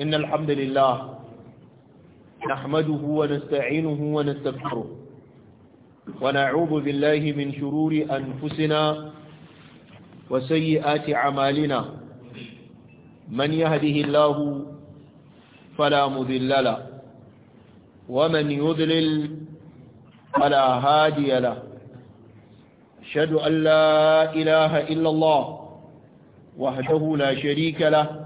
إن الحمد لله نحمده ونستعينه ونستغفره ونعوذ بالله من شرور أنفسنا وسيئات أعمالنا من يهده الله فلا مذل له ومن يذلل فلا هادي له أشهد أن لا إله إلا الله وحده لا شريك له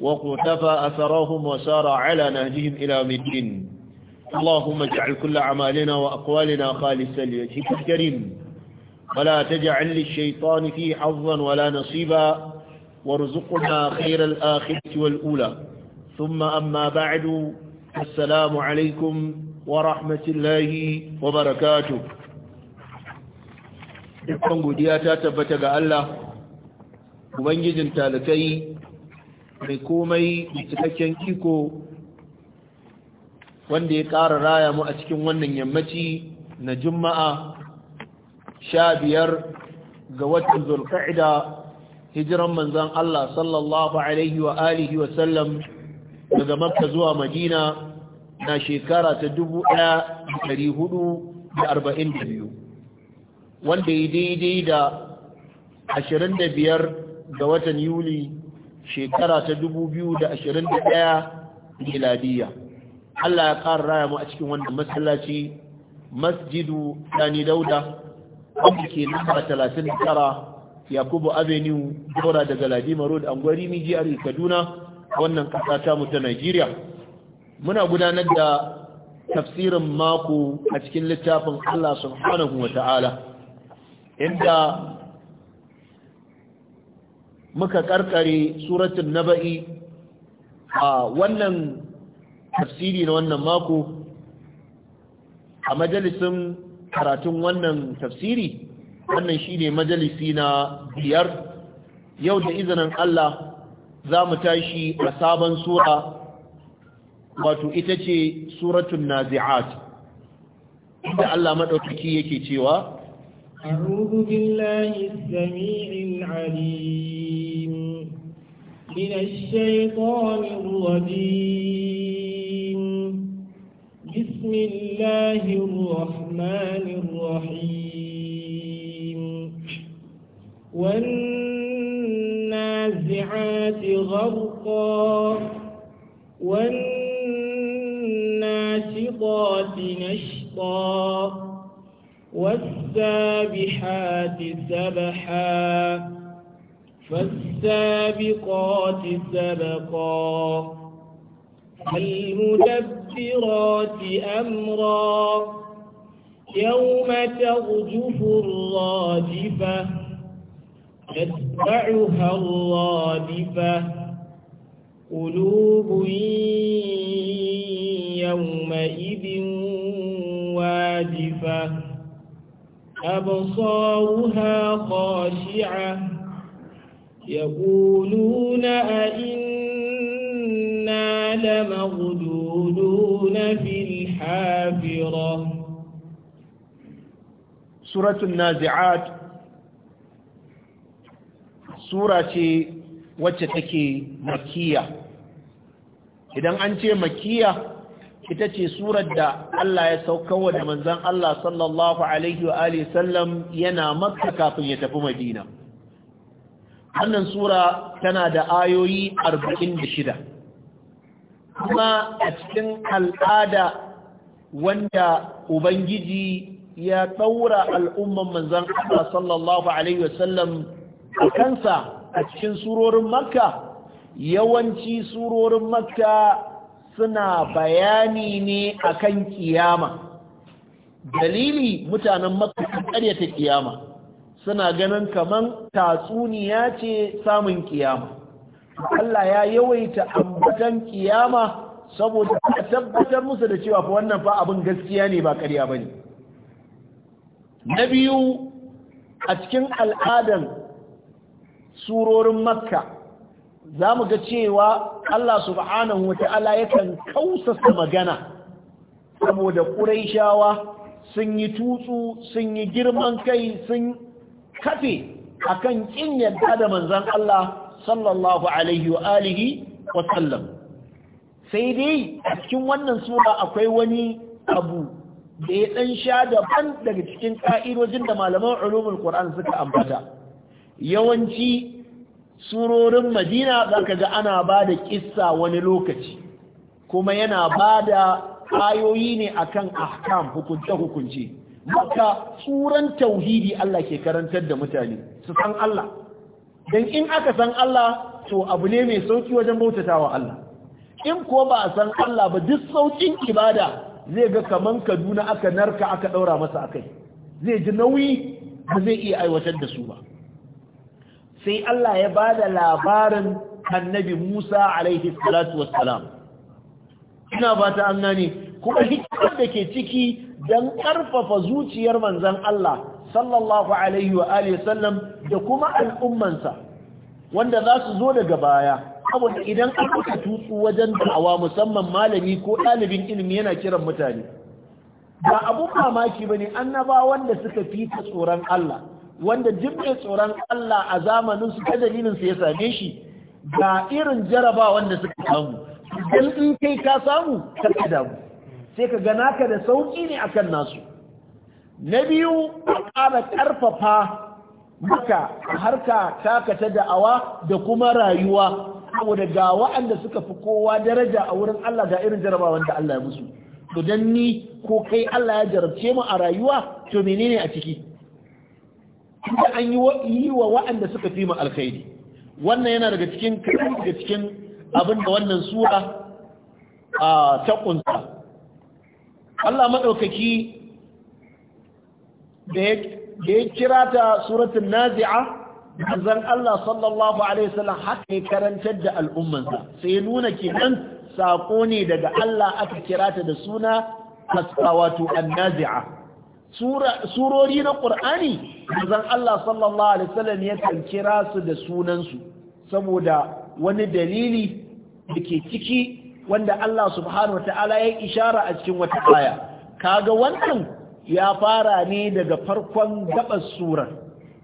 وقتفى أثرهم وسار على نهجهم إلى مدين اللهم اجعل كل أعمالنا وأقوالنا خالصا لوجهك الكريم ولا تجعل للشيطان فيه حظا ولا نصيبا وارزقنا خير الآخرة والأولى ثم أما بعد السلام عليكم ورحمة الله وبركاته dukkan godiya ta tabbata ga Allah ubangijin talakai mai komai cikakken iko wanda ya ƙara raya mu a cikin wannan yammaci na juma'a sha biyar ga watan zulka'ida hijiran manzan Allah sallallahu alaihi wa alihi wa sallam daga makka zuwa madina na shekara ta dubu ɗaya da da biyu, wanda ya daidai da ashirin da biyar ga watan yuli shekara ta da da ashirin 2021 miladiya Allah ya ƙara raya mu a cikin wannan masallaci masjidu Sani Dauda wanda ke namba 39 Yakubu Avenue Dora daga Ladima Road Angwari Miji Ari Kaduna wannan ƙasa ta mu ta Najeriya muna gudanar da tafsirin mako a cikin littafin Allah subhanahu wa ta'ala inda muka karkare suratun naba'i a wannan tafsiri na wannan mako a majalisun karatun wannan tafsiri wannan shi ne majalisi na biyar yau da izinin Allah za mu tashi a sabon sura wato ita ce suratun nazi'at inda Allah maɗaukaki yake cewa أعوذ بالله السميع العليم من الشيطان الرجيم بسم الله الرحمن الرحيم والنازعات غرقا والناشطات نشطا والسابحات سبحا فالسابحات السابقات سبقا المدبرات أمرا يوم ترجف الراجفة تتبعها الرادفة قلوب يومئذ واجفة أبصارها خاشعة يقولون أئنا لمغدودون في الحافرة سورة النازعات sura ce wacce take makiya idan an ce makiya ita ce surar da Allah ya saukawa da manzan Allah sallallahu alaihi sallam yana maka kafin ya tafi madina wannan sura tana da ayoyi 46 kuma a cikin al'ada wanda ubangiji ya ɗaura al'umman manzan Allah sallallahu Alaihi wasallam a kansa a cikin surorin makka yawanci surorin makka suna bayani ne akan kiyama dalili mutanen makka sun ƙaryata kiyama suna ganin kaman tatsuniya ce samun kiyama Allah ya yawaita ambatan kiyama saboda a tabbatar musu da cewa fa wannan fa abin gaskiya ne ba ƙarya bane na biyu a cikin al'adan surorin makka za mu ga cewa Allah subhanahu wata'ala yakan kausasa magana saboda ƙuraishawa sun yi tutsu sun yi girman kai sun kafe akan kin yadda da manzon Allah sallallahu alaihi wa alihi wa sallam sai dai a cikin wannan sura akwai wani abu da ya dan sha daban daga cikin ka'idojin da malaman ulumul qur'an suka ambata yawanci surorin madina zaka ga ana ba da kissa wani lokaci kuma yana ba da ayoyi ne akan ahkam hukunce hukunce maka tsuran tauhidi Allah ke karantar da mutane su san Allah don in aka san Allah to abu ne mai sauki wajen bautata wa Allah in kuwa ba a san Allah ba duk saukin ibada zai ga kamar kaduna aka narka aka ɗaura masa akai zai ji nauyi ba zai iya aiwatar da su ba sai Allah ya ba da labarin annabi Musa alaihi salatu wassalam ina ba ta an gane kuma hikimar da ke ciki don ƙarfafa zuciyar manzan Allah sallallahu alaihi wa da kuma al'ummansa wanda za su zo daga baya saboda idan an aka tutsu wajen da'awa musamman malami ko ɗalibin ilimi yana kiran mutane ba abun mamaki ba ne annaba wanda suka fi ta tsoron Allah wanda jimle tsoron Allah a zamanin su ta dalilinsa ya same shi ga irin jaraba wanda suka samu don kai ka samu ka damu sai ka gana ka da sauƙi ne a kan nasu na biyu a ƙara ƙarfafa maka harka takata da'awa da kuma rayuwa saboda ga wa'anda suka fi kowa daraja a wurin Allah ga irin jarabawan da Allah ya musu to dan ni ko kai Allah ya jarabce mu a rayuwa to menene a ciki da an yi wa wa'anda suka fi mu alkhairi wannan yana daga cikin daga cikin abin da wannan sura ah, ta kunsa Allah maɗaukaki da ya kira ta suratun nazi'a manzon Allah sallallahu alaihi wasallam haka ya karantar da al'ummansa sai ya nuna nan saƙo ne daga Allah aka kira ta da suna wato annazi'a surori na ƙur'ani manzon Allah sallallahu alaihi wasallam ya kan kira su da sunansu saboda wani dalili da ke ciki wanda Allah subhanahu wata'ala ya ishara a cikin wata aya kaga wannan ya fara ne daga farkon gabas surar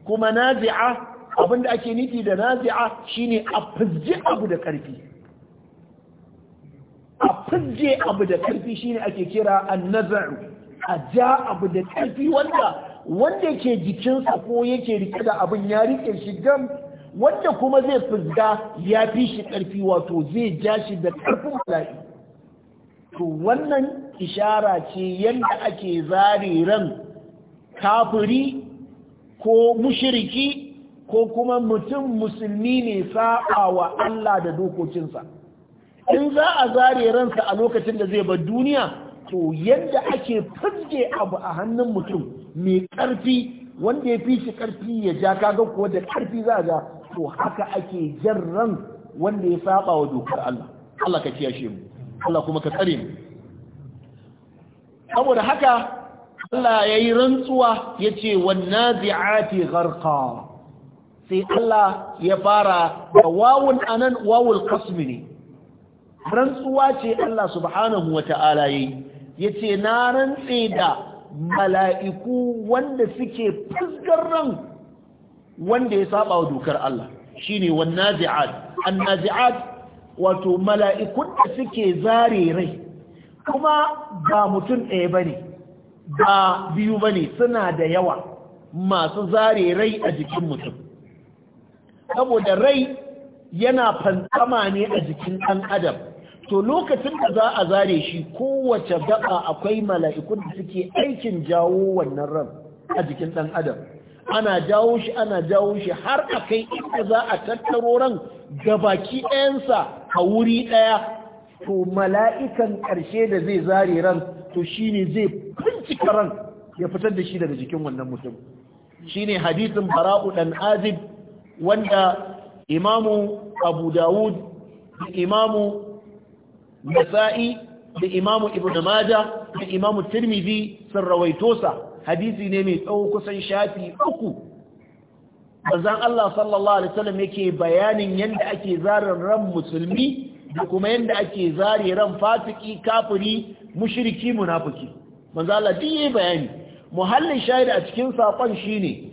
kuma nazi'a abinda ake nufi da nazi'a shine a fizje abu da karfi a fizje abu da karfi shine ake kira an a ja abu da karfi wanda wanda ke jikinsa ko yake rike da abin ya rike shi gam wanda kuma zai fusga ya fi shi ƙarfi wato zai ja shi da ƙarfin bala'i to wannan ishara ce yadda ake zare ran kafiri ko mushiriki ko kuma mutum musulmi ne sa'a wa Allah da dokokinsa in za a zare ransa a lokacin da zai bar duniya to yadda ake fusge abu a hannun mutum mai ƙarfi wanda ya fi shi ƙarfi ya ja kaga kuwa da ƙarfi za a ja to haka ake jarran wanda ya saba wa dokar Allah Allah ka kiyashe mu Allah kuma ka tsare mu saboda haka Allah yayi rantsuwa yace wan nazi'ati gharqa sai Allah ya fara da wawun anan wawul qasm ne rantsuwa ce Allah subhanahu wata'ala yayi yace na rantse da mala'iku wanda suke fuskar ran wanda ya saba wa dokar Allah shine wa Nazi'ad. an Nazi'ad wato mala'ikun da suke zare rai kuma ba mutum ɗaya bane ba biyu bane suna da yawa masu zare rai a jikin mutum saboda rai yana fantsama ne a jikin ɗan adam to lokacin da za a zare shi kowace gaba akwai mala'ikun da suke aikin jawo wannan ran a jikin ɗan adam ana jawo shi ana jawo shi har a kai inda za a tattaro ran gabaki ɗayansa a wuri ɗaya to mala'ikan ƙarshe da zai zare ran to shi ne zai bincika ran ya fitar da shi daga jikin wannan mutum shi ne hadisin bara'u ɗan azib wanda imamu abu dawud da imamu nasa'i da imamu ibn maja da imamu turmizi sun rawaito sa hadisi ne mai tsawo kusan shafi uku manzon Allah sallallahu alaihi wasallam yake bayanin yanda ake zarar ran musulmi da kuma yanda ake zare ran fasiki kafiri mushriki munafiki manzo Allah duk yayi bayani muhallin shahid a cikin sakon shine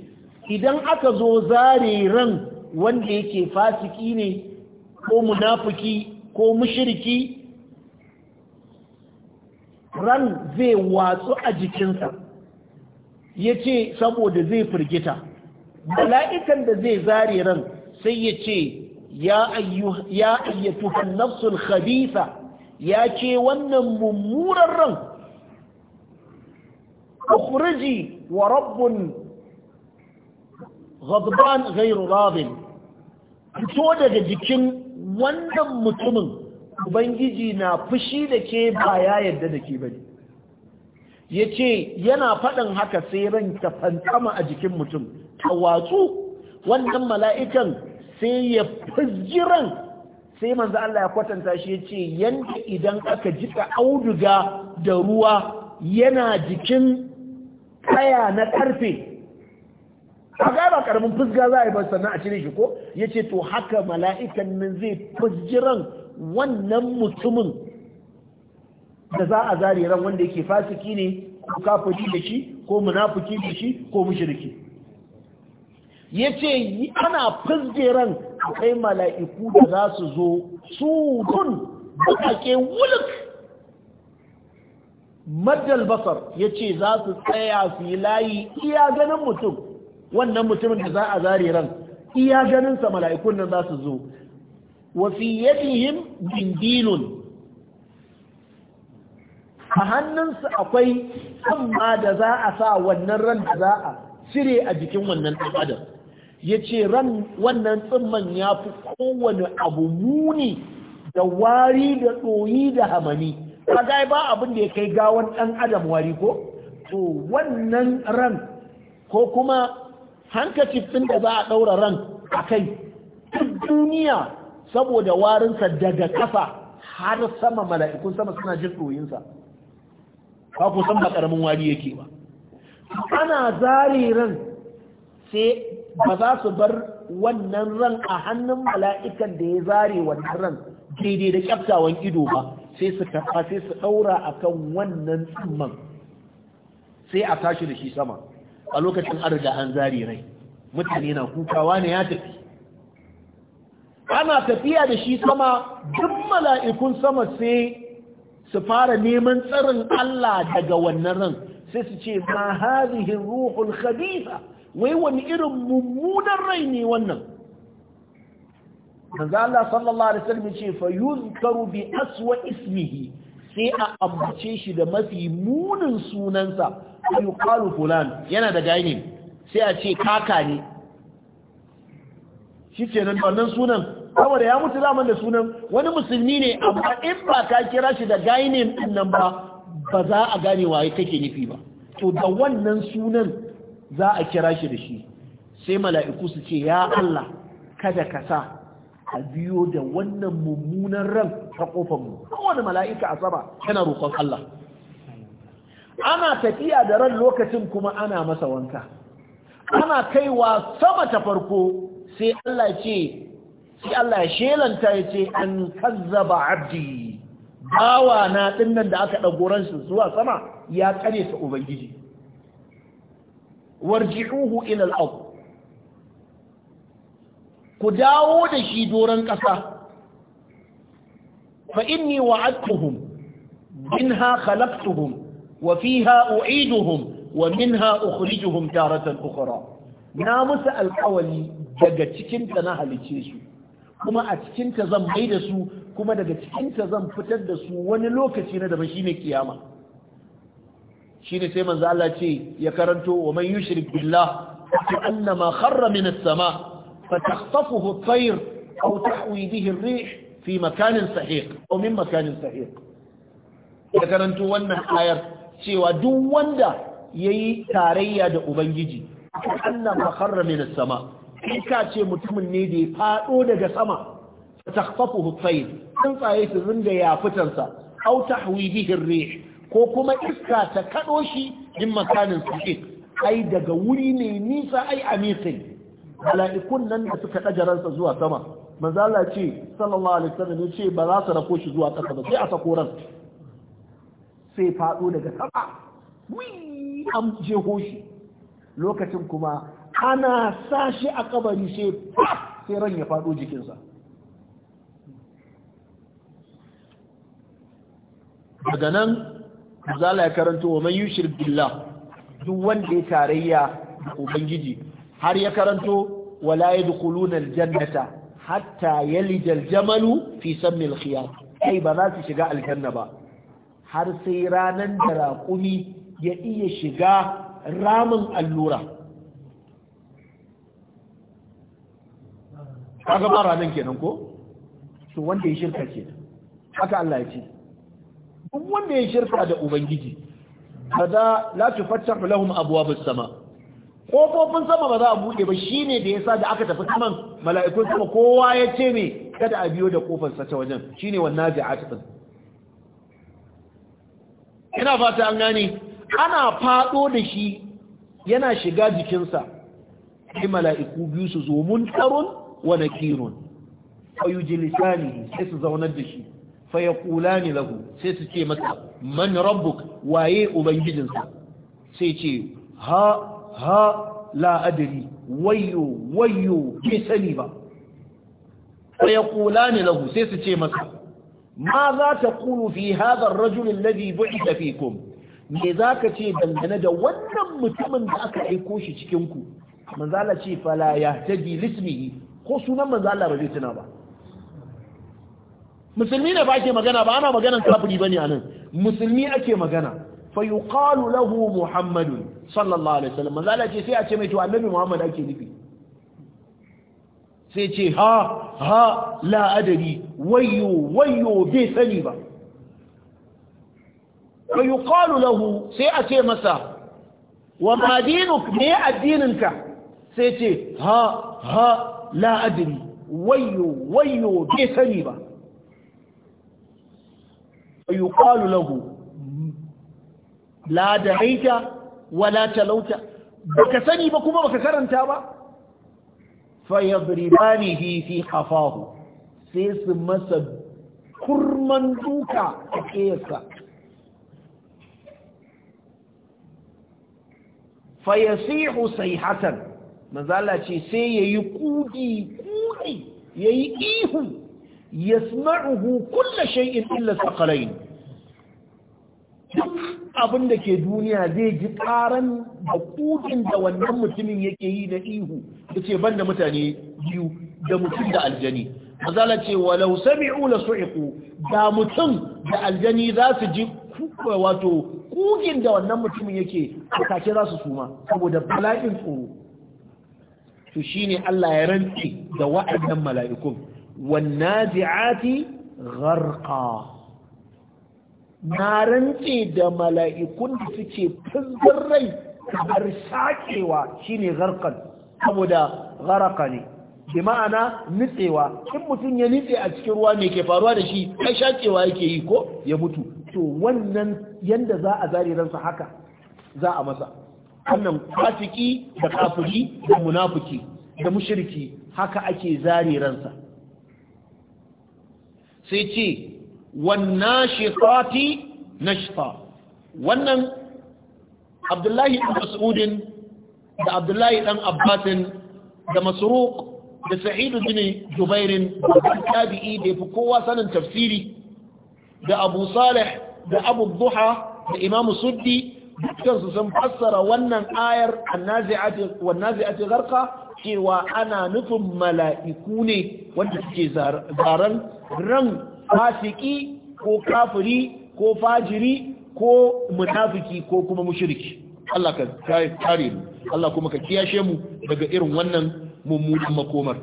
idan aka zo zare ran wanda yake fasiki ne ko munafiki ko mushriki ran zai watsu a jikinsa ya ce saboda zai firgita mala'ikan da zai zare ran sai ya ce ya ayyatuhan nafsul Khabisa ya ce wannan mummunan ran ukhriji wa rabbun ghadban ghairu radin fito daga jikin wannan mutumin ubangiji na fushi da ke ba ya yarda da ke bane ya ce yana faɗin haka sai ran ta fantama a jikin mutum ta watsu wannan mala'ikan sai ya fi sai manzo Allah ya kwatanta shi ya ce yanda idan aka jika auduga da ruwa yana jikin kaya na ƙarfe a gaba ƙaramin fusga za a yi ba sannan a cire shi ko ya ce to haka mala'ikan nan zai fusjiran wannan mutumin da za a zare ran wanda yake fasiki ne ko kafiri da shi ko munafiki da shi ko mushriki yace ana fizge ran akwai mala'iku da za su zo su kun wuluk madal basar yace za su tsaya su yi layi iya ganin mutum wannan mutumin da za a zare ran iya ganin sa mala'ikun nan za su zo wa fi yadihim bindilun a hannunsu akwai amma da za a sa wannan ran da za a cire a jikin wannan ɗan adam ya ce ran wannan tsimman ya fi kowane abu muni da wari da ɗoyi da hamani kaga ba abin da ya kai gawan ɗan adam wari ko to wannan ran ko kuma hankacin ɗin da za a ɗaura ran a kai duk duniya saboda warinsa daga ƙasa har sama mala'ikun sama suna jin ɗoyinsa ba ku san ba karamin wari yake ba ana zare ran sai ba za su bar wannan ran a hannun mala'ikan da ya zare wannan ran daidai da kyaftawan ido ba sai su karɓa sai su ɗaura akan wannan tsamman. sai a tashi da shi sama a lokacin an an zare rai mutane na kukawa ne ya tafi ana tafiya da shi sama duk mala'ikun sama sai su fara neman tsarin Allah daga wannan ran sai su ce ma ruhun ruhul wai wani irin mummunan rai ne wannan manzo Allah sallallahu alaihi wasallam ce fa yuzkaru bi aswa ismihi sai a ambace shi da mafi munin sunansa yuqalu fulan yana da gaini sai a ce kaka ne shi ce nan wannan sunan saboda ya mutu zaman da sunan wani musulmi ne amma in ba ka kira shi da gainin din nan ba ba za a gane waye kake nufi ba to da wannan sunan za a kira shi da shi sai mala'iku su ce ya Allah kada ka sa a biyo da wannan mummunan ran ta kofar mu kowane mala'ika a tsaba yana roƙon Allah ana tafiya da ran lokacin kuma ana masa wanka ana kaiwa sama ta farko sai Allah ce sai Allah ya shelanta ya ce an kazzaba abdi bawa na dinnan da aka dagoran su zuwa sama ya kare ta ubangiji warji'uhu ila al-ard ku dawo da shi doran kasa fa inni wa'adtuhum minha khalaqtuhum wa fiha u'iduhum wa minha ukhrijuhum taratan ukhra na musu alƙawali daga cikin ta na halice su kuma a cikinta zan mai da su kuma daga cikinta zan fitar da su wani lokaci na daban shine kiyama shine sai manzo Allah ce ya karanto wa man yushrik billah fa annama kharra min as-sama فتخطفه الطير أو تحوي به الريح fi مكان سحيق أو من wannan ayar cewa duk wanda yayi tarayya da ubangiji annama kharra min as-sama kai ka ce mutumin ne da ya faɗo daga sama takfafu hutsayi tsuntsaye su zunga ya fitansa au tahwihi hirre ko kuma iska ta kaɗo shi in makanin suke ai daga wuri ne nisa ai a nisa mala'ikun nan da suka ɗaga ransa zuwa sama mazala ce sallallahu alaihi wasallam ya ce ba za su rako shi zuwa ƙasa ba sai a sako ran sai faɗo daga sama wi an jeho shi lokacin kuma ana sa shi a kabari sai sai ran ya faɗo jikinsa daga nan zala ya karanta wa man yushir duk wanda ya tarayya da ubangiji har ya karanto wala yadkhuluna jannata, hatta yalija aljamalu fi sammi alkhiyat ai ba za su shiga aljanna ba har sai ranar da raƙumi ya iya shiga ramin allura kaga fara nan kenan ko to wanda ya shirka ke haka Allah ya ce duk wanda ya shirka da ubangiji kada la tufattahu lahum abwabus sama kofofin sama ba za a bude ba shine da yasa da aka tafi saman mala'ikun sama kowa ya ce me kada a biyo da kofar sa ta wajen shine wannan ja'at din ina fata an gane ana fado da shi yana shiga jikinsa sai mala'iku biyu su zo mun tarun wa nakirun fa yujlisani sai su zaunar da shi fa ne lagu, sai su ce masa man rabbuk waye ubangijinsa sai ce ha ha la'adari, wayo wayo wayyo ke sani ba fa ne lagu, sai su ce masa ma za ta kulu fi hadar rajulun ladhi bu'ita fikum me za ka ce dangane da wannan mutumin da aka aiko shi cikin manzala ce fala yahtaji lismihi ko sunan manzo Allah ba zai tuna ba musulmi ne ba ake magana ba ana maganan kafiri bane nan. musulmi ake magana fa yuqalu lahu muhammadun sallallahu alaihi wasallam manzo Allah ce sai a ce mai to annabi muhammad ake nufi sai ce ha ha la adari wayyo wayyo bai sani ba fa yuqalu lahu sai a ce masa wa ma dinuk me addininka sai ce ha ha لا أدري ويو ويو دي سريبا ويقال له لا دعيت ولا تلوت بك كما بك سرنتابا فيضربانه في حفاه سيس مسد كرمان دوكا كيسا فيسيح سيحة manzala ce sai ya yi kudi kudi ya yi ihu ya sma'uhu kulla shay'in illa sakalain duk abin da ke duniya zai ji karan da kudin da wannan mutumin yake yi da ihu da ce banda mutane biyu da mutum da aljani manzala ce walau sami'u la su'iqu da mutum da aljani za su ji wato kugin da wannan mutumin yake a kake za su suma saboda bala'in tsoro to shine Allah ya rantsi da wa'annan mala'ikun wannazi'ati gharqa na rantsi da mala'ikun da suke fuzzar rai kamar sakewa shine gharqan saboda gharqa ne bi ma'ana nitsewa in mutum ya nitse a cikin ruwa ne ke faruwa da shi ai shakewa yake yi ko ya mutu to wannan yanda za a ransa haka za a masa wannan fasiki da kafiri da munafiki da mushriki haka ake zare ransa sai ce wannan shifati nashfa wannan abdullahi ɗan mas'udin da abdullahi ɗan abbasin da masruq da sa'idu bin jubairin da tabi'i da yafi kowa sanin tafsiri da abu salih da abu duha da imamu suddi dukkansu sun fassara wannan ayar annazi'ati gharqa cewa ana nufin mala'iku ne wanda suke zaren ran fasiki ko kafiri ko fajiri ko munafiki ko kuma mushriki Allah ka kare mu Allah kuma ka kiyashe mu daga irin wannan mummunan makomar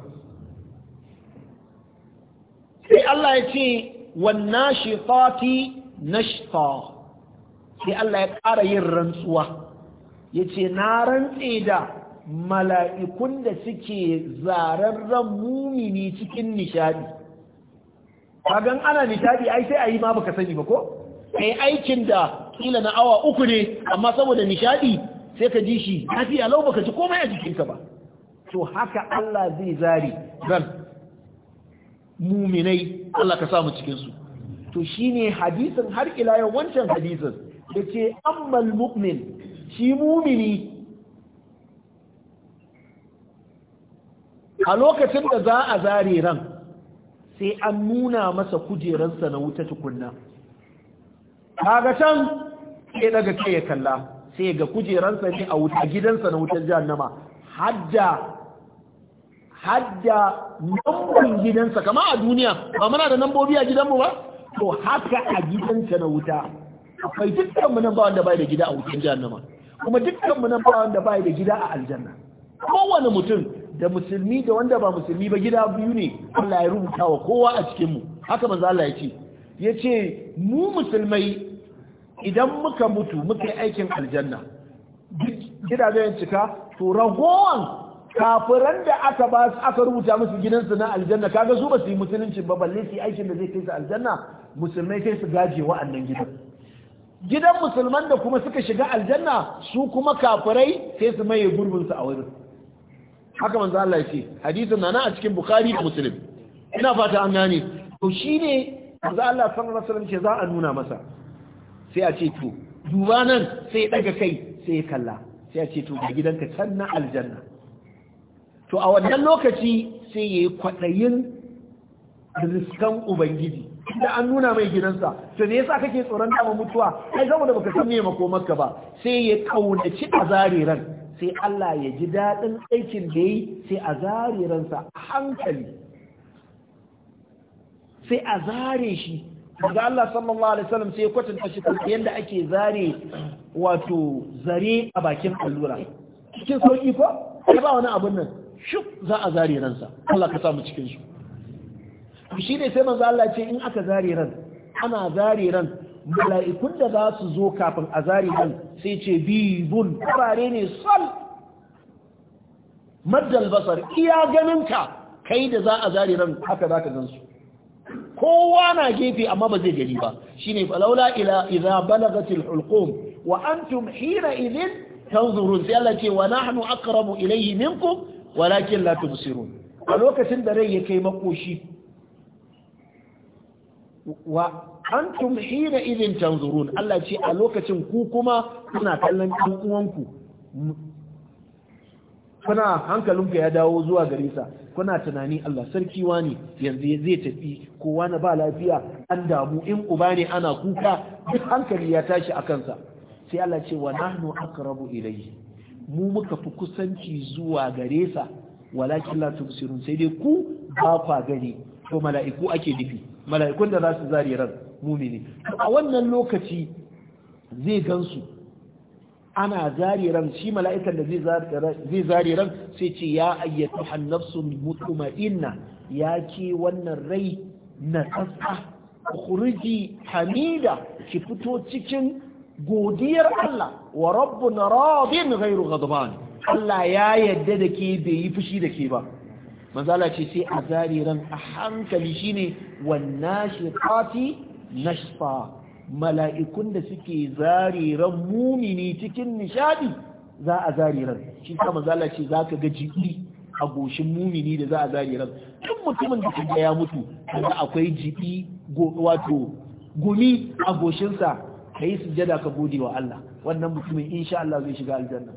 sai Allah ya ce wannan shifati nashta sai Allah ya ƙara yin rantsuwa ya ce na rantse da mala'ikun da suke ran mumini cikin nishadi kagan ana nishadi ai sai a yi ma baka sani ba ko sai aikin da kila na awa uku ne amma saboda nishadi sai ka ji shi lafiya lau baka ci komai a jikinka ba to haka Allah zai zari ran muminai Allah ka samu cikinsu to shine hadisin har ila yau wancan hadisin da ce ammal mu'min shi mumini a lokacin da za a zare ran sai an nuna masa kujeransa na wuta tukunna kaga can sai daga kai ya kalla sai ga kujeransa ne a wuta gidansa na wutar jahannama hadda hadda nambobin gidansa kama a duniya ba muna da nambobi a gidanmu ba to haka a gidansa na wuta akwai dukkan mu nan ba wanda bai da gida a wutar jahannama kuma dukkan mu nan ba wanda bai da gida a aljanna kowane mutum da musulmi da wanda ba musulmi ba gida biyu ne Allah ya rubuta wa kowa a cikin mu haka manzo Allah ya ce yace mu musulmai idan muka mutu muka yi aikin aljanna gida gidajen cika to ragowan kafiran da aka ba aka rubuta musu gidansu na aljanna kaga su ba su yi musulunci ba balle su aikin da zai kai su aljanna musulmai kai su gaje wa'annan gidan gidan musulman da kuma suka shiga aljanna su kuma kafirai sai su maye gurbinsu a wurin haka manzo Allah ce hadisin na a cikin bukhari da muslim ina fata an gane to shine manzo Allah sallallahu alaihi wasallam ce za a nuna masa sai a ce to duba nan sai ya daga kai sai ya kalla sai a ce to ga gidanka can na aljanna to a wannan lokaci sai yayi kwadayin riskan ubangiji da an nuna mai gidansa to me yasa kake tsoron dama mutuwa ai saboda baka san me maka ba sai ya kaunaci azariran sai Allah ya ji dadin aikin da yi sai a sa a hankali sai a zare shi daga Allah sallallahu alaihi wasallam sai ya kwatanta shi yanda ake zare wato zare a bakin allura cikin sauki ko ba wani abun nan shuk za a zare ransa Allah ka samu cikin su shi ne sai manzo Allah ce in aka zare ran ana zare ran mala'ikun da za su zo kafin a zare ran sai ce bibun karare ne sal maddal basar iya ka. kai da za a zare ran haka za ka gansu kowa na gefe amma ba zai gani ba shine falaula ila idza balagatil hulqum wa antum hina idin tanzurun sai Allah ce wa nahnu aqrabu ilayhi minkum walakin la tubsirun a lokacin da rai ya kai makoshi wa antum hina idin tanzurun Allah ce a lokacin ku kuma kuna kallon ɗan uwanku kuna hankalinku ya dawo zuwa gare sa kuna tunani Allah sarki wani yanzu zai tafi kowa na ba lafiya an damu in uba ne ana kuka duk hankali ya tashi a kansa sai Allah ce wa nahnu aqrabu ilayhi mu muka fi kusanci zuwa gare sa walakin la tubsirun sai dai ku ba kwa gani to mala'iku ake nufi mala'ikun da za su zari ran mumini a wannan lokaci zai gansu ana zari ran shi mala'ikan da zai zari ran sai ce ya ayyatu hannafsu mutuma'inna ya ke wannan rai na tsatsa kurji hamida ki fito cikin godiyar Allah wa rabbuna radin ghairu ghadban Allah ya yadda da ke bai yi fushi da ke ba manzala ce sai a zariran a hankali shine wannan na nashfa mala'ikun da suke zariran mumini cikin nishadi za a zariran shi ta manzala ce za ka ga jibi a goshin mumini da za a zariran Tun mutumin da kaga ya mutu kaga akwai jibi wato gumi a goshinsa Ka yi sujada ka gode wa Allah wannan mutumin insha Allah zai shiga aljanna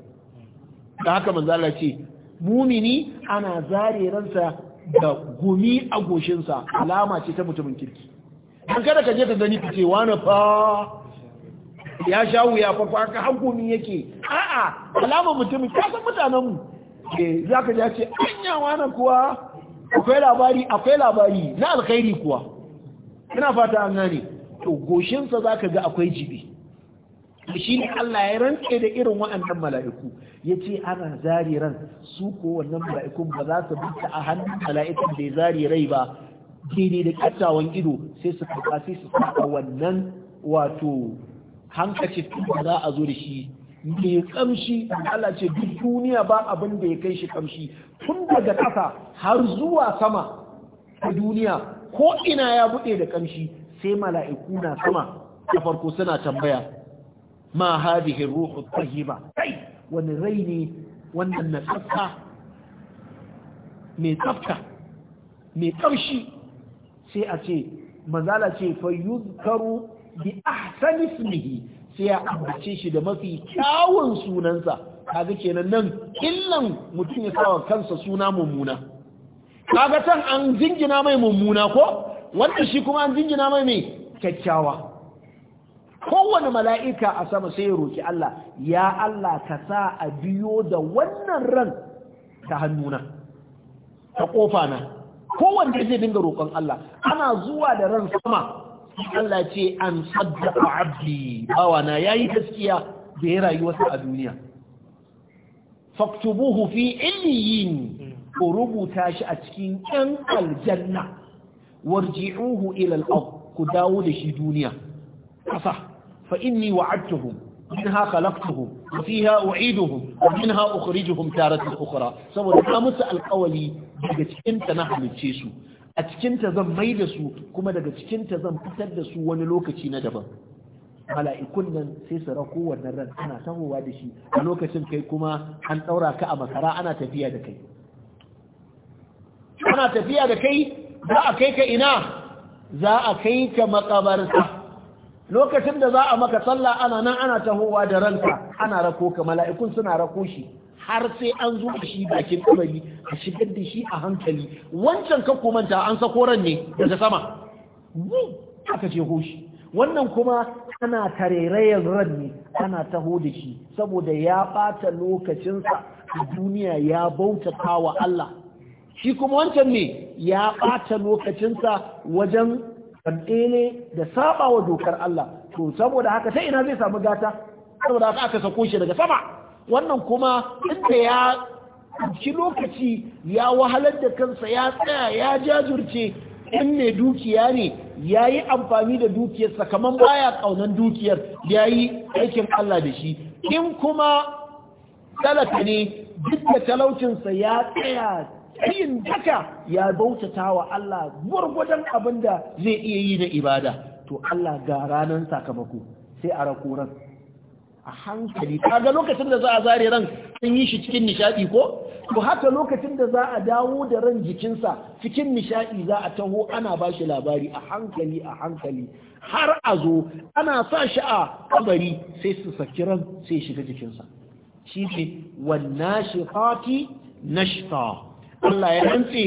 da haka manzala ce mumini ana zare ransa da gumi a goshinsa alama ce ta mutumin kirki an kada ka je ta gani fice wani fa ya sha wuya fa fa ka hankomi yake a'a alama mutumin ka san mutanen mu eh, za ka ja ce anya wani kuwa akwai labari akwai labari na alkhairi kuwa ina fata an gane to goshinsa za ka ga akwai jibi shi ne Allah ya rantse da irin wa'annan mala'iku ya ce ana zari ran su ko wannan mala'ikun ba za su bita a hannun mala'ikun da ya zari rai ba daidai da kattawan ido sai su karɓa sai su saka wannan wato hankacin da za a zo da shi mai kamshi Allah ce duk duniya ba abin da ya kai shi kamshi tun daga ƙasa har zuwa sama ta duniya ko ina ya buɗe da kamshi sai mala'iku na sama ta farko suna tambaya ma hadhihi ruhu tayyiba kai wani rai ne wannan na tsafta mai tsafta mai ƙarshi sai a ce manzala ce fa yuzkaru bi ahsani ismihi sai ya ambace shi da mafi kyawun sunansa kaga kenan nan illan mutum ya sawa kansa suna mummuna kaga an jingina mai mummuna ko wannan shi kuma an jingina mai mai kyakkyawa kowane mala'ika a sama sai ya roki Allah ya Allah ka sa a biyo da wannan ran ta hannuna ta kofa na kowanne zai dinga roƙon Allah ana zuwa da ran sama Allah ce an a abdi bawana yayi gaskiya da ya rayuwarsa a duniya faktubuhu fi iliyin ku rubuta shi a cikin 'yan aljanna warji'uhu ila al ku dawo da shi duniya ƙasa fa inni wa'adtuhum minha khalaqtuhum wa fiha u'iduhum wa minha ukhrijuhum taratan ukhra saboda ta musu alƙawali daga cikin ta na halicce su a cikin ta zan mai da su kuma daga cikin ta zan fitar da su wani lokaci na daban mala'ikun nan sai su rako wannan ran ana tahowa da shi a lokacin kai kuma an daura ka a makara ana tafiya da kai ana tafiya da kai za a kai ka ina za a kai ka makabarsa lokacin da za a maka sallah ana nan ana tahowa da ranka ana rako ka mala'ikun suna rako shi har sai an zo da shi bakin kamari a shigar da shi a hankali wancan ka komanta an sako ran ne daga sama aka ce hoshi wannan kuma ana tarerayen ran ne ana taho da shi saboda ya bata lokacinsa a duniya ya bautata wa Allah shi kuma wancan ne ya bata lokacinsa wajen tamɗe ne da saba wa dokar Allah to saboda haka ta ina zai samu gata saboda haka aka sako shi daga sama wannan kuma inda ya ci lokaci ya wahalar da kansa ya tsaya ya jajurce in mai dukiya ne ya yi amfani da dukiyarsa kamar baya ƙaunan dukiyar ya yi aikin Allah da shi in kuma talaka ne duk da talaucinsa ya tsaya tsayin daka ya bautata wa Allah gwargwadon abin da zai iya yi na ibada to Allah ga ranar sakamako sai a rakoran a hankali kaga lokacin da za a zare ran sun yi shi cikin nishadi ko to haka lokacin da za a dawo da ran jikinsa cikin nishadi za a taho ana ba shi labari a hankali a hankali har a zo ana sa shi a kabari sai su saki ran sai shiga jikinsa shi ne wannan shi Fati nashta Allah ya rantse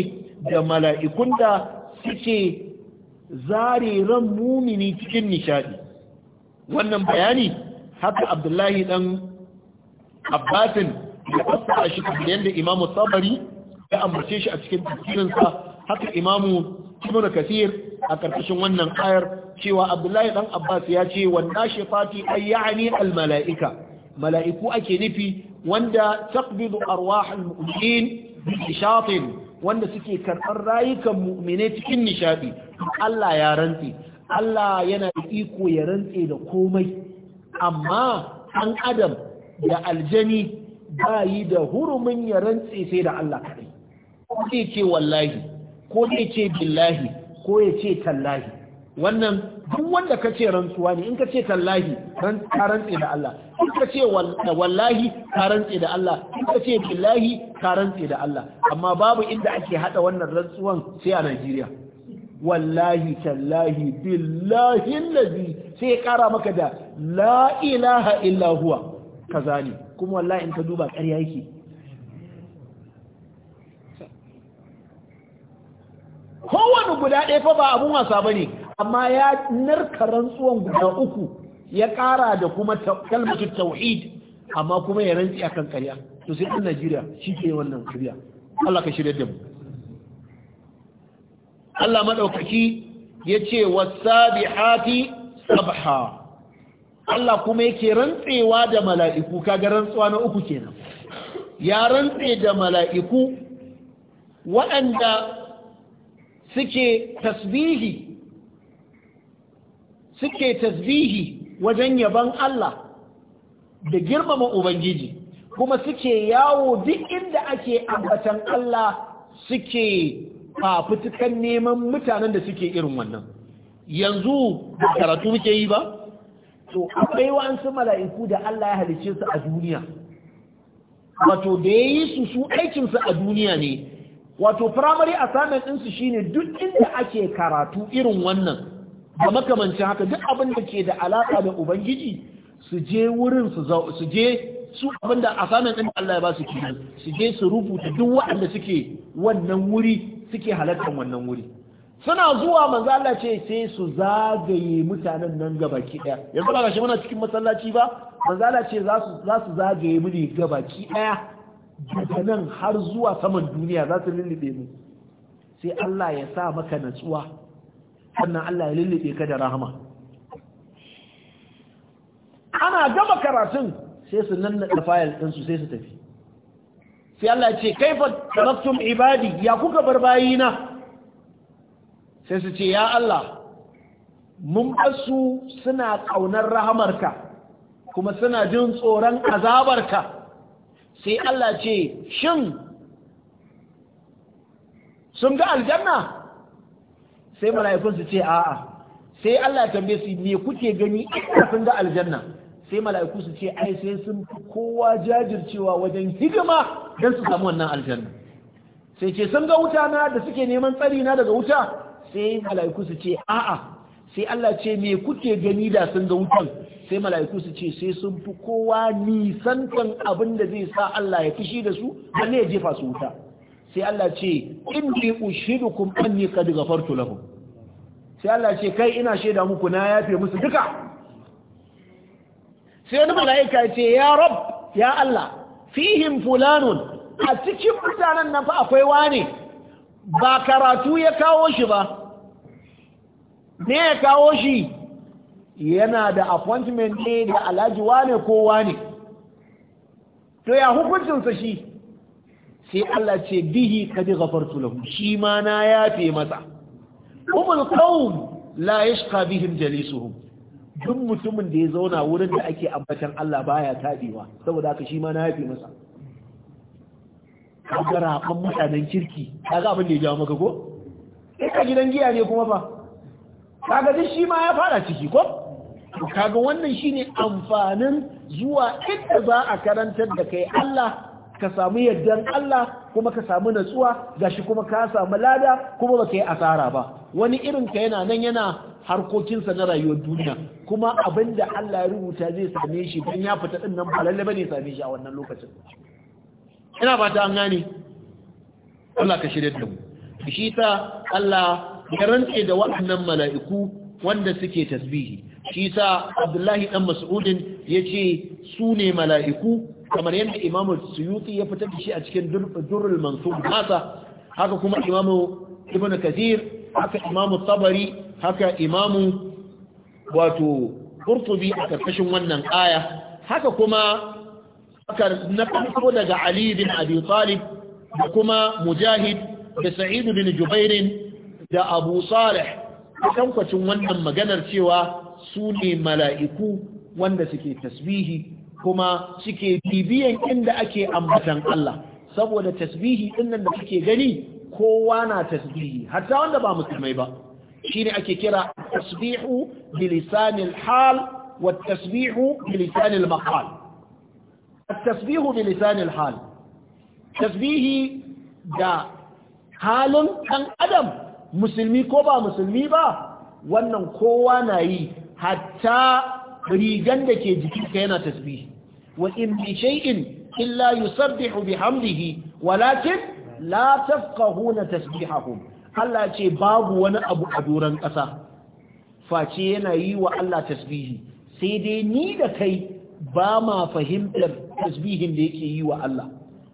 da mala'ikun da suke zare ran mumini cikin nishadi wannan bayani haka abdullahi dan abbasin da fassara shi kamar imamu sabari ya ambace shi a cikin tafsirinsa haka imamu ibnu kasir a ƙarƙashin wannan ayar cewa abdullahi dan abbas ya ce wannan shifati ai ya'ni al almala'ika? mala'iku ake nufi wanda arwa arwahul mu'minin bishatin wanda suke karɓar rayukan mu'mine cikin nishadi Allah ya rantse Allah yana da iko ya rantse da komai amma an adam da aljani ba da hurumin ya rantse sai da Allah kaɗai ko ce wallahi ko zai ce billahi ko ya ce tallahi wannan duk wanda ka ce rantsuwa ne in ka ce tallahi ka rantse da Allah in ka ce wallahi ka rantse da Allah in ka ce billahi ka rantse da Allah amma babu inda ake hada wannan rantsuwan sai a Najeriya wallahi tallahi billahi allazi sai ya kara maka da la ilaha illa huwa kuma wallahi in ka duba ƙarya yake kowane guda ɗaya fa ba abun wasa bane amma ya narka rantsuwan guda uku ya kara da kuma kalmatu tauhid amma kuma ya rantsi akan ƙarya to sai ɗan Najeriya shi ke wannan ƙarya Allah ka shirya da mu Allah madaukaki ya ce wasabihati sabha Allah kuma yake rantsewa da mala'iku kaga rantsuwa na uku kenan ya rantse da mala'iku waɗanda suke tasbihi suke tasbihi wajen yaban Allah da girmama Ubangiji kuma suke yawo duk inda ake ambatan Allah suke fafutukan neman mutanen da suke irin wannan yanzu karatu muke yi ba to akwai wa'ansu mala'iku da Allah ya halice su a duniya wato da ya yi su su aikinsu a duniya ne wato primary assignment ɗinsu shine duk inda ake karatu irin wannan da makamancin haka duk abin da ke da alaka da ubangiji su je wurin su je su abin da samun din Allah ya ba su kenan su je su rubuta duk waɗanda suke wannan wuri suke halartar wannan wuri suna zuwa manzo Allah ce sai su zagaye mutanen nan ki daya yanzu ba gashi muna cikin masallaci ba manzo Allah ce za su za su zagaye mu ne ki daya daga nan har zuwa saman duniya za su lullube mu sai Allah ya sa maka natsuwa sannan Allah ya lullube ka da rahama ana gama karatun sai su nan da fayil ɗinsu sai su tafi sai Allah ya ce kaifa taraktum ibadi ya kuka bar bayina sai su ce ya Allah mun basu suna ƙaunar rahamarka kuma suna jin tsoron azabarka sai Allah ce shin sun ga aljanna sai mala'ikun su ce a'a sai Allah ya tambaye su me kuke gani ina sun ga aljanna sai mala'iku su ce ai sai sun fi kowa jajircewa wajen hidima don su samu wannan aljanna sai ce sun ga wuta na da suke neman tsari na daga wuta sai mala'iku su ce a'a sai Allah ce me kuke gani da sun ga wutan sai mala'iku su ce sai sun fi kowa nisan kan abin da zai sa Allah ya fishi da su ne ya jefa su wuta sai Allah ce in bi ushidukum anni qad ghafartu lahum sai Allah ce kai ina shaida muku na yafe musu duka sai wani mala'ika ce ya rab ya Allah fihim fulanun a cikin mutanen nan fa akwai wane ba karatu ya kawo shi ba ne ya kawo shi yana da appointment ne da alhaji wane ko wane to ya hukuncinsa shi sai Allah ce bihi kaji ghafartu lahu shi ma na yafe masa humul qawm la yashqa bihim jalisuhum duk mutumin da ya zauna wurin da ake ambatan Allah baya tabewa saboda haka shi ma na haifi masa kaga kan mutanen kirki kaga abin da ya jawo maka ko ka gidan giya ne kuma fa kaga duk shi ma ya fara ciki ko kaga wannan shine amfanin zuwa inda za a karantar da kai Allah ka samu yaddan Allah kuma ka samu natsuwa gashi kuma ka samu lada kuma baka yi asara ba wani irin ka yana nan yana harkokinsa na rayuwar duniya kuma abinda Allah ya rubuta zai same shi don ya fita din nan ba lalle bane same shi a wannan lokacin ina ba ta an gane Allah ka shirye da mu shi ta Allah ya rantse da waɗannan mala'iku wanda suke tasbihi shi ta Abdullahi dan Mas'udin yace su ne mala'iku kamar yadda imam suyuti ya fitar da shi a cikin durrul mansur nasa haka kuma imam ibn kathir haka imam tabari haka imam wato qurtubi a karkashin wannan aya haka kuma haka na farko daga ali bin abi talib da kuma mujahid da sa'id bin jubair da abu salih kankwacin wannan maganar cewa su ne mala'iku wanda suke tasbihi kuma suke bibiyan inda ake ambatan Allah saboda tasbihi dinnan da kake gani kowa na tasbihi hatta wanda ba musulmai ba shine ake kira tasbihu bi lisanil hal wa tasbihu bi lisanil maqal tasbihu bi lisanil hal tasbihi da halun ɗan adam musulmi ko ba musulmi ba wannan kowa na yi hatta rigan da ke jikinka yana tasbihi وإن بشيء إلا يسبح بحمده ولكن لا تفقهون تسبيحهم Allah ce babu wani abu a doron ƙasa face yana yi wa Allah tasbihi sai dai ni da kai ba ma fahimtar tasbihin da yake yi wa Allah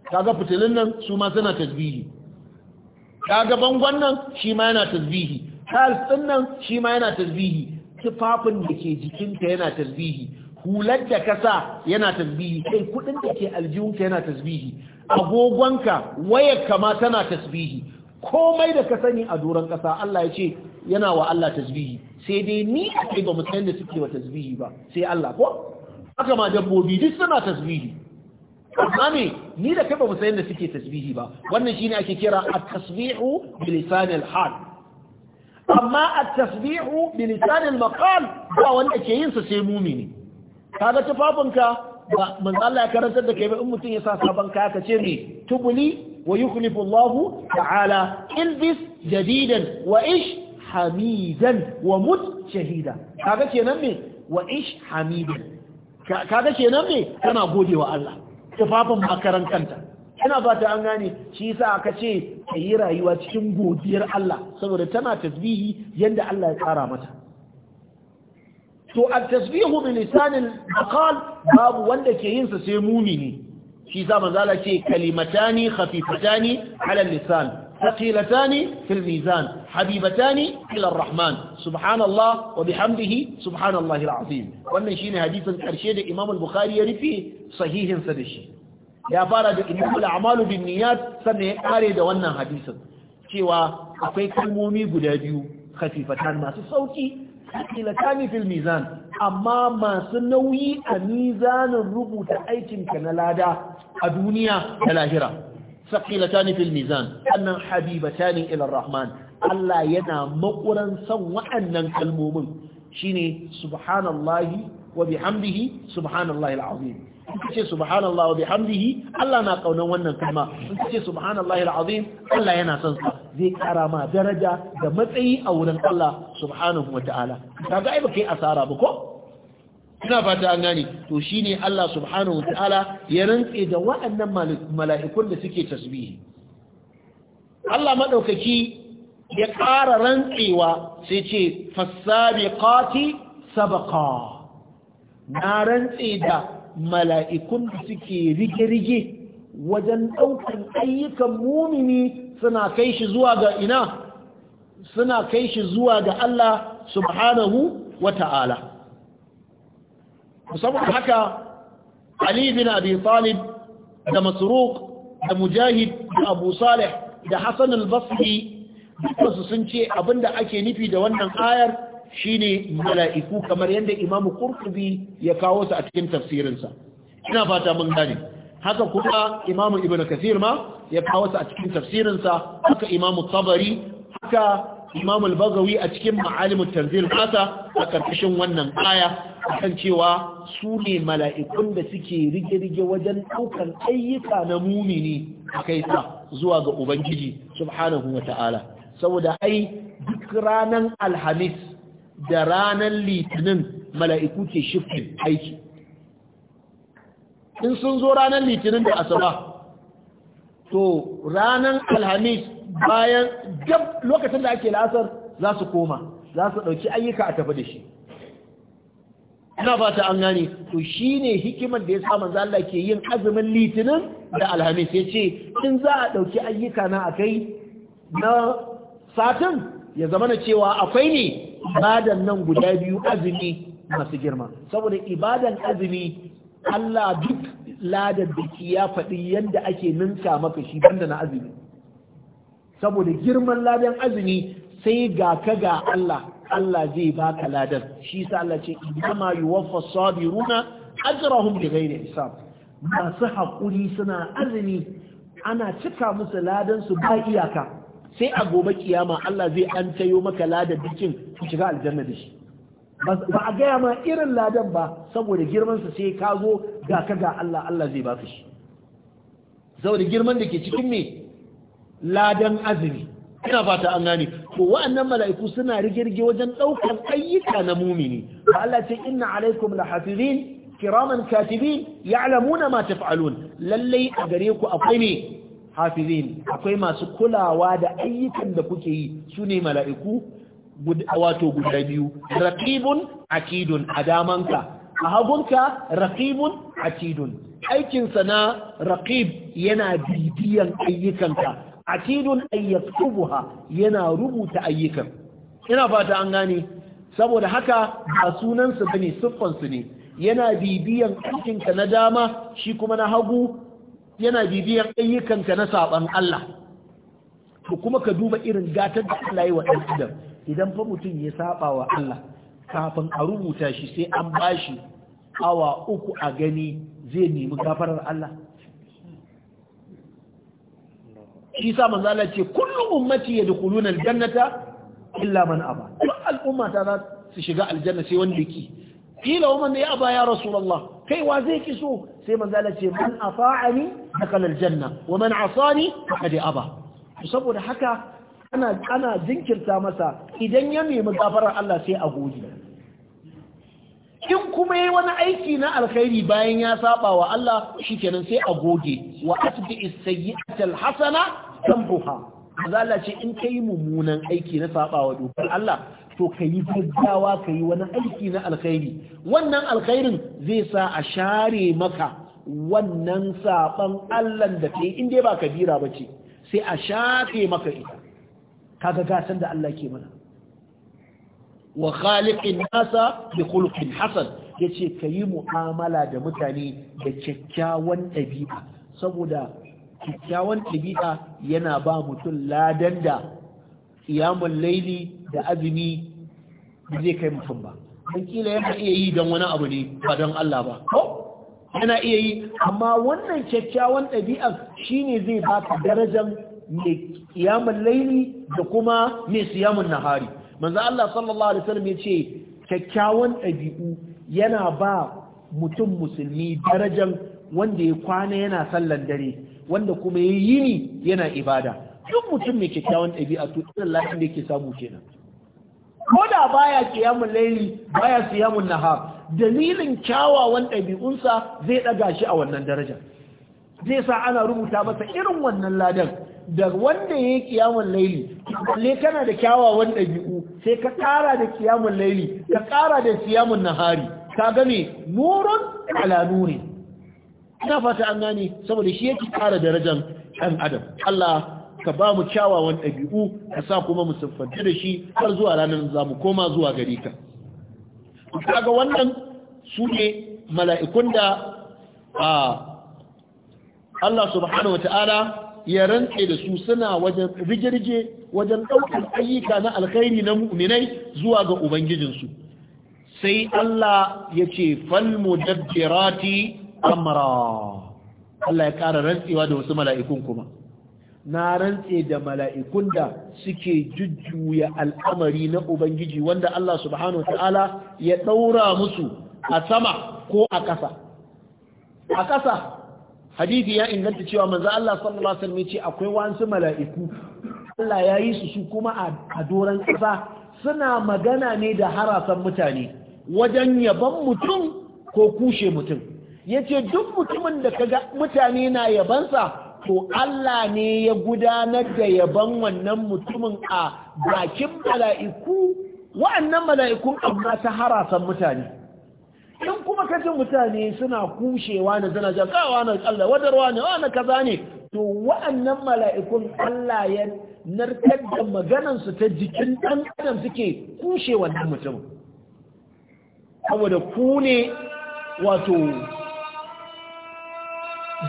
kaga fitilun nan su ma suna tasbihi kaga bangon nan shi ma yana tasbihi tiles nan shi ma yana tasbihi tufafin da ke jikinta yana tasbihi hular da ka sa yana tasbihi kai kudin da ke aljihunka yana tasbihi agogonka wayar kama tana tasbihi komai da ka sani a doron kasa Allah ya ce yana wa Allah tasbihi sai dai ni a kai ba mutane da suke wa tasbihi ba sai Allah ko haka ma dabbobi duk suna tasbihi amma ne ni da kai ba mutane da suke tasbihi ba wannan shine ake kira at-tasbihu bi lisan al-hal amma at-tasbihu bi lisan al-maqal ba wanda ke yin sa sai mumini kaga tufafinka ba manzo Allah ya karantar da kai ba in mutum ya sa sabon kaya ka ce tubuli wa yukhlifu Allah ta'ala ilbis jadidan wa ish hamidan wa mut shahida kaga kenan me wa ish hamidan kaga kenan kana godewa Allah tufafin makaran kanta ina ba an gane shi yasa aka ce ka yi rayuwa cikin godiyar Allah saboda tana tasbihi yadda Allah ya tsara mata to at-tasbihu bi lisanin maqal babu wanda ke yin sa sai mumini shi sa manzo Allah ce kalimatani khafifatani ala lisan thaqilatani fil mizan habibatani ila ar-rahman subhanallah wa bihamdihi subhanallahi al wannan shine hadisin karshe da Imam al-Bukhari ya rufe sahihin sa da shi ya fara da innamal a'malu binniyat sannan ya kare da wannan hadisin cewa akwai kalmomi guda biyu khafifatan masu sauki thaqilatani fil mizan amma masu nauyi a mizanin rubuta aikinka na lada a duniya da lahira thaqilatani fil mizan annan habibatani ila rahman Allah yana makuran san waɗannan kalmomin shine subhanallahi wa bihamdihi subhanallahi alazim in ka ce subhanallah wa bihamdihi Allah na kaunan wannan kalma in ka ce subhanallahi alazim Allah yana son sa zai kara ma daraja da matsayi a wurin Allah subhanahu wa kaga ai ba asara ba ko ina fata an gane to shine Allah subhanahu wa ta'ala ya rantse da wa'annan mala'ikun da suke tasbihi Allah madaukaki ya ƙara rantsewa sai ce fassabiqati sabaqa na rantse da mala'ikun da suke rige-rige wajen ɗaukan ayyukan mumini suna kai shi zuwa ga ina suna kai shi zuwa ga Allah subhanahu wa ta'ala musamman haka Ali bin Abi Talib da Masruq da Mujahid da Abu Salih da Hassan al-Basri dukkan su sun ce abinda ake nufi da wannan ayar shine mala'iku kamar yadda Imam Qurtubi ya kawo su a cikin tafsirinsa ina fata mun gane haka kuma Imam Ibn Kathir ma ya kawo su a cikin tafsirinsa haka Imam Tabari haka Imam Al-Baghawi a cikin Ma'alim at-Tanzil mata a karkashin wannan aya kan cewa su ne mala'ikun da suke rige-rige wajen ɗaukan ayyuka na mumini a kai zuwa ga Ubangiji subhanahu wa ta'ala saboda ai duk ranar alhamis da ranar litinin mala'iku ke shifin aiki in sun zo ranar litinin da asaba to ranar alhamis bayan gab lokacin da ake la'asar za su koma za su ɗauki ayyuka a tafi da shi ina fata an gane to shi ne hikimar da ya sa manzo ke yin azumin litinin da alhamis ya ce in za a ɗauki ayyuka na akai na satin ya zama na cewa akwai ne ibadan nan guda biyu azumi masu girma saboda ibadan azumi Allah duk ladar da ke ya faɗi yadda ake ninka maka shi banda na azumi saboda girman ladan azumi sai ga ka ga Allah Allah zai baka ladan shi sa Allah ce inma yuwaffa sabiruna ajrahum bighairi hisab masu haƙuri suna azumi ana cika musu ladan su ba iyaka sai a gobe kiyama Allah zai an tayo maka Lada bikin ku shiga aljanna da shi ba a gaya ma irin ladan ba saboda girmansa sai ka zo ga ka ga Allah Allah zai baka shi saboda girman da ke cikin me ladan azumi ina fata an gane to wa'annan mala'iku suna rigirge wajen ɗaukar ayyuka na mumini ba Allah ce inna alaikum lahafizin kiraman katibin ya'lamuna ma taf'alun lallai a gare ku akwai ne hafizin akwai masu kulawa da ayyukan da kuke yi su ne mala'iku wato guda biyu raqibun Akidun a damanka a hagunka raqibun Akidun. aikinsa na raqib yana bibiyan ayyukanka Akidun ayyukubuwa yana rubuta ayyukan ina fata an gane saboda haka ba sunansa bane siffansu ne yana bibiyan aikinka na dama shi kuma na hagu yana bibiyan ayyukanka na saban Allah to kuma ka duba irin gatar da Allah ya wa ɗan idan fa ya saba wa Allah kafin a rubuta shi sai an bashi awa uku a gani zai nemi gafarar Allah shi sa manzo Allah ce kullu ummati yadkhuluna aljannata illa man aba duk al'umma ta za su shiga aljanna sai wanda ki. kila wannan ya aba ya rasulullah kai wa zai ki so sai manzala ce man afa'ani dakhala aljanna wa man asani faqad aba saboda haka ana ana jinkirta masa idan ya nemi gafarar Allah sai a goge in kuma yayi wani aiki na alkhairi bayan ya saba wa Allah shikenan sai a goge wa atbi as-sayyi'ata al-hasana tambuha Allah ce in yi mummunan aiki na saɓawa dokar Allah to ka yi gaggawa ka yi wani aiki na alkhairi wannan alkhairin zai sa a share maka wannan saban Allah da ke in dai ba kabira ba ce sai a shafe maka ita kaga gasan da Allah ke mana wa khaliqin nasa bi khuluqin hasan yace kayi mu'amala da mutane da kyakkyawan dabi'a saboda kyakkyawan ɗabi'a yana ba mutum ladan da kiyamun laili da azumi zai kai mutum ba don kila yana iya yi don wani abu ne ba don Allah ba yana iya yi amma wannan kyakkyawan ɗabi'a shi ne zai baka darajan mai kiyamun laili da kuma mai siyamun nahari manzo Allah sallallahu alaihi wasallam ce kyakkyawan ɗabi'u yana ba mutum musulmi darajan wanda ya kwana yana sallan dare wanda kuma ya yi ni yana ibada duk mutum mai kyakkyawan ɗabi'a to irin lafiyar da yake samu kenan ko da baya kiyamun laili baya siyamun nahar dalilin kyawawan ɗabi'unsa zai ɗaga shi a wannan daraja zai sa ana rubuta masa irin wannan ladan da wanda ya yi kiyamun laili balle kana da kyawawan ɗabi'u sai ka ƙara da kiyamun laili ka ƙara da siyamun nahari ka gane nurun ala nurin ina fata an gane saboda shi yake kara darajar ɗan adam Allah ka ba mu kyawawan ɗabi'u ka sa kuma mu siffanta da shi har zuwa ranar za mu koma zuwa gari ka kaga wannan su ne mala'ikun da Allah subhanahu wa ya rantse da su suna wajen rigirge wajen ɗaukar ayyuka na alkhairi na mu'minai zuwa ga ubangijinsu sai Allah ya ce mudabbirati amra Allah ya ƙara rantsewa da wasu mala'ikun kuma na rantse da mala'ikun da suke jujjuya al'amari na Ubangiji wanda Allah subhanahu ta'ala ya ɗaura musu a sama ko a ƙasa. A ƙasa, hadithi ya inganta cewa manzo Allah sallallahu Alaihi wasallam ce akwai wasu mala'iku, Allah ya yi su su kuma a doran ƙasa suna magana ne da harasan mutane wajen yaban mutum ko kushe mutum. ya ce duk mutumin da ka ga mutane na yabansa to Allah ne ya gudanar da yaban wannan mutumin a bakin mala'iku wa'annan mala'ikun amma ta harasan mutane in kuma kacin mutane suna kushewa na zana jakawa na Allah wadarwa ne wa na kaza ne to wa'annan mala'ikun Allah ya narkar da maganansu ta jikin ɗan adam suke kushe wannan mutum saboda ku ne wato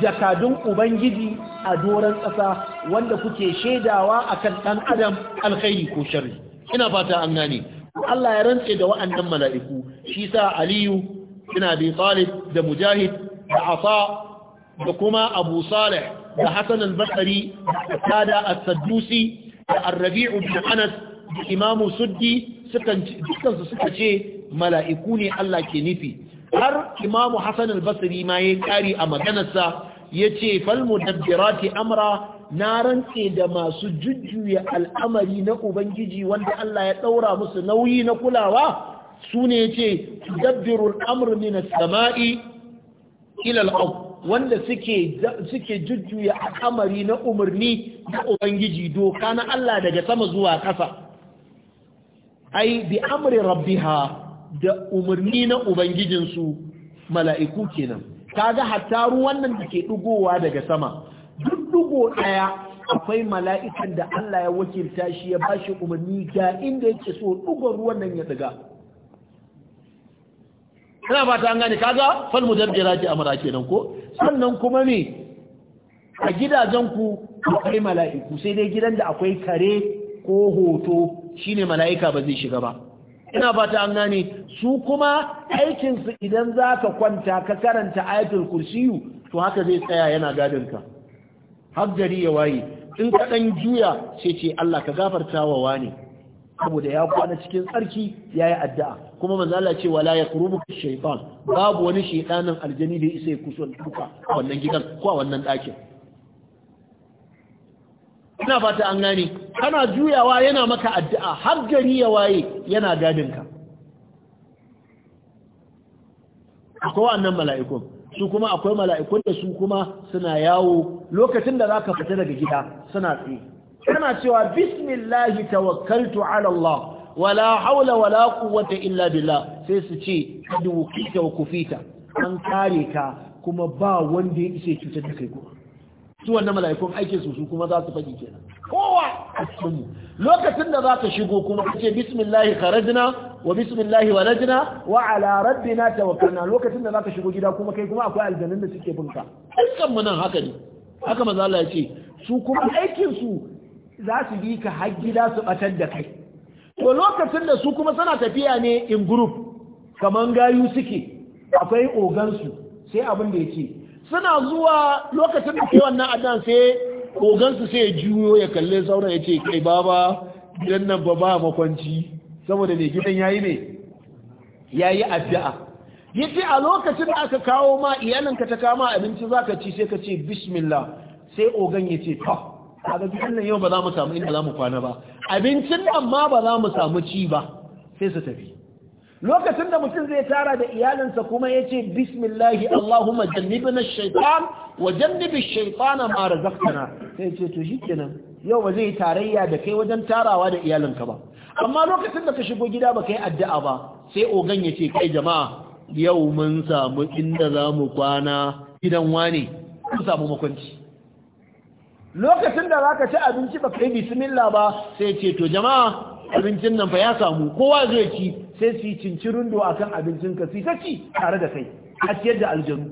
jakadun ubangiji a doron ƙasa wanda kuke shaidawa akan ɗan adam alkhairi ko sharri ina fata an gane Allah ya rantse da wa'annan mala'iku shi sa aliyu bin abi talib da mujahid da asa da kuma abu salih da hasan al-basri da tada as-saddusi da ar-rabi'u bin anas da imamu suddi sukan dukkan su suka ce mala'iku ne Allah ke nufi har imamu hassan al-basri ma ya kari a maganarsa ya ce falmu dabbirati amra na rantse da masu jujjuya al'amari na ubangiji wanda Allah ya ɗaura musu nauyi na kulawa su ne ce, ce dabbirun amurni na sama'i ilal'ab wanda suke jujjuya al'amari na umarni na ubangiji doka na Allah daga sama zuwa ƙasa ai bi amri rabbiha da umarni na ubangijinsu mala'iku kenan kaga hatta ruwan nan da ke dugowa daga sama duk ɗugo ɗaya akwai mala'ikan da Allah ya wakilta shi ya ba shi umarni ga inda yake so ɗugon ruwan nan ya daga ina ba ta gane kaga fal jira ke amara kenan ko sannan kuma me a gidajen ku akwai mala'iku sai dai gidan da akwai kare ko hoto shine mala'ika ba zai shiga ba ina fata an gane su kuma aikinsu idan za ka kwanta ka karanta ayatul kursiyu to haka zai tsaya yana ka. har gari ya waye in ka dan juya sai ce Allah ka gafarta wa wani saboda ya kwana cikin tsarki yayi addu'a kuma manzo Allah ce wala yaqrubuka shaytan babu wani shaytanin aljani da isa ya kusa duka wannan gidan ko wannan dakin ina fata an gane kana juyawa yana maka addu'a har gari ya waye yana gadinka akwai wannan mala'ikun su kuma akwai mala'ikun da su kuma suna yawo lokacin da zaka fita daga gida suna tsi. kana cewa bismillahi tawakkaltu ala Allah wala haula wala quwwata illa billah sai su ce kadu kika ku fita an kare ka kuma ba wanda ya isa cutar da kai kuma su wannan mala'ikun aikin su su kuma za su faɗi kenan kowa a cikin lokacin da za ka shigo kuma ka ce bismillahi kharajna wa bismillahi walajna wa ala rabbina tawakkalna lokacin da za ka shigo gida kuma kai kuma akwai aljanun da suke binka dukkan mu nan haka ne haka manzo Allah ya ce su kuma aikin su za su bi ka har gida su batar da kai to lokacin da su kuma suna tafiya ne in group kaman gayu suke akwai ogansu sai abin da ya ce suna zuwa lokacin da ke wannan adan sai kogansu sai ya juyo ya kalle sauran ya ce kai baba gidan nan ba ba makwanci saboda mai gidan yayi ne yayi addu'a yace a lokacin da aka kawo ma ka ta kama abinci zaka ci sai ka ce bismillah sai ogan ya ce to kaga gidan nan yau ba za mu samu inda za mu kwana ba abincin amma ba za mu samu ci ba sai su tafi lokacin da mutum zai tara da iyalinsa kuma ya ce bismillahi allahumma jannibi na shaitan wa jannibi shaitana ma razaqtana sai ce to shikenan yau ba zai tarayya da kai wajen tarawa da iyalinka ba amma lokacin da ka shigo gida ba yi addu'a ba sai ogan ya ce kai jama'a yau mun samu inda za mu kwana gidan wane mun samu makwanci lokacin da za ka ci abinci ba yi bismillah ba sai ce to jama'a abincin nan fa ya samu kowa zai ci sai su yi cincirin do a kan abincin su yi ci tare da kai a ciyar da aljanu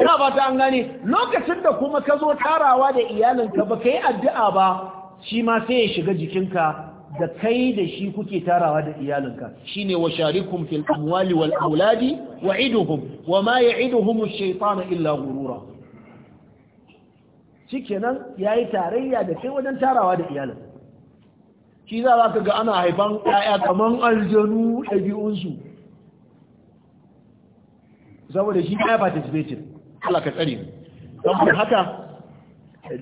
ina ba ta an gane lokacin da kuma ka zo tarawa da iyalinka ba ka yi addu'a ba shi ma sai ya shiga jikinka da kai da shi kuke tarawa da iyalinka shine wa sharikum fil amwali wal auladi wa iduhum wa ma ya'iduhum ash shaytan illa ghurura shikenan yayi tarayya da kai wajen tarawa da iyalin shi za za ka ga ana haifan 'ya'ya kamar aljanu ɗabi'unsu saboda shi ya participating Allah ka saboda haka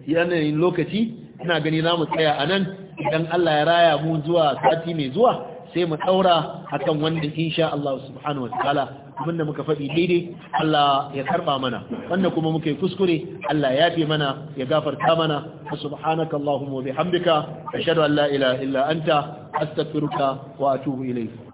yanayin lokaci ina gani za mu tsaya a nan idan Allah ya raya mu zuwa sati mai zuwa sai mu ɗaura akan wanda insha Allah subhanahu wa ta'ala abinda muka faɗi daidai Allah ya karɓa mana wanda kuma muka kuskure Allah ya fi mana ya gafarta mana subhanaka allahumma wa bihamdika ashhadu an la ilaha illa anta astaghfiruka wa atubu ilayk